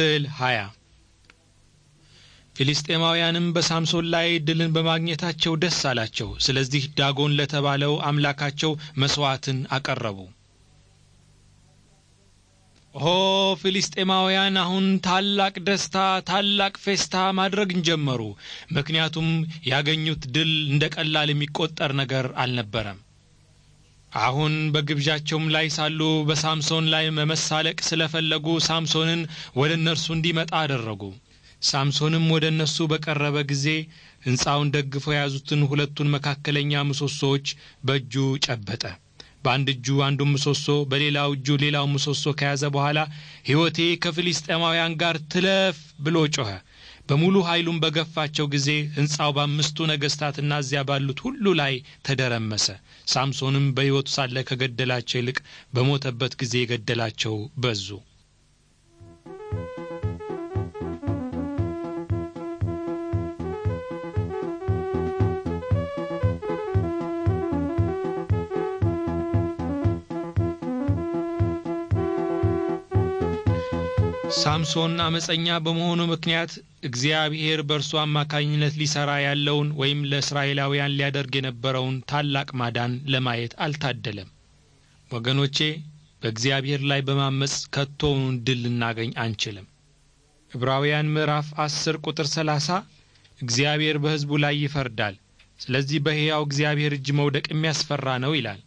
ምስል 20 ፊልስጤማውያንም በሳምሶን ላይ ድልን በማግኘታቸው ደስ አላቸው። ስለዚህ ዳጎን ለተባለው አምላካቸው መሥዋዕትን አቀረቡ። ኦሆ ፊልስጤማውያን አሁን ታላቅ ደስታ፣ ታላቅ ፌስታ ማድረግን ጀመሩ። ምክንያቱም ያገኙት ድል እንደ ቀላል የሚቆጠር ነገር አልነበረም። አሁን በግብዣቸውም ላይ ሳሉ በሳምሶን ላይ መመሳለቅ ስለፈለጉ ሳምሶንን ወደ እነርሱ እንዲመጣ አደረጉ። ሳምሶንም ወደ እነሱ በቀረበ ጊዜ ሕንፃውን ደግፈው የያዙትን ሁለቱን መካከለኛ ምሰሶዎች በእጁ ጨበጠ። በአንድ እጁ አንዱን ምሰሶ፣ በሌላው እጁ ሌላው ምሰሶ ከያዘ በኋላ ሕይወቴ ከፊልስጤማውያን ጋር ትለፍ ብሎ ጮኸ። በሙሉ ኃይሉን በገፋቸው ጊዜ ሕንፃው በአምስቱ ነገሥታትና እዚያ ባሉት ሁሉ ላይ ተደረመሰ። ሳምሶንም በሕይወቱ ሳለ ከገደላቸው ይልቅ በሞተበት ጊዜ የገደላቸው በዙ። ሳምሶን አመፀኛ በመሆኑ ምክንያት እግዚአብሔር በእርሱ አማካኝነት ሊሠራ ያለውን ወይም ለእስራኤላውያን ሊያደርግ የነበረውን ታላቅ ማዳን ለማየት አልታደለም። ወገኖቼ በእግዚአብሔር ላይ በማመፅ ከቶውን ድል ልናገኝ አንችልም። ዕብራውያን ምዕራፍ አስር ቁጥር ሰላሳ እግዚአብሔር በሕዝቡ ላይ ይፈርዳል፣ ስለዚህ በሕያው እግዚአብሔር እጅ መውደቅ የሚያስፈራ ነው ይላል።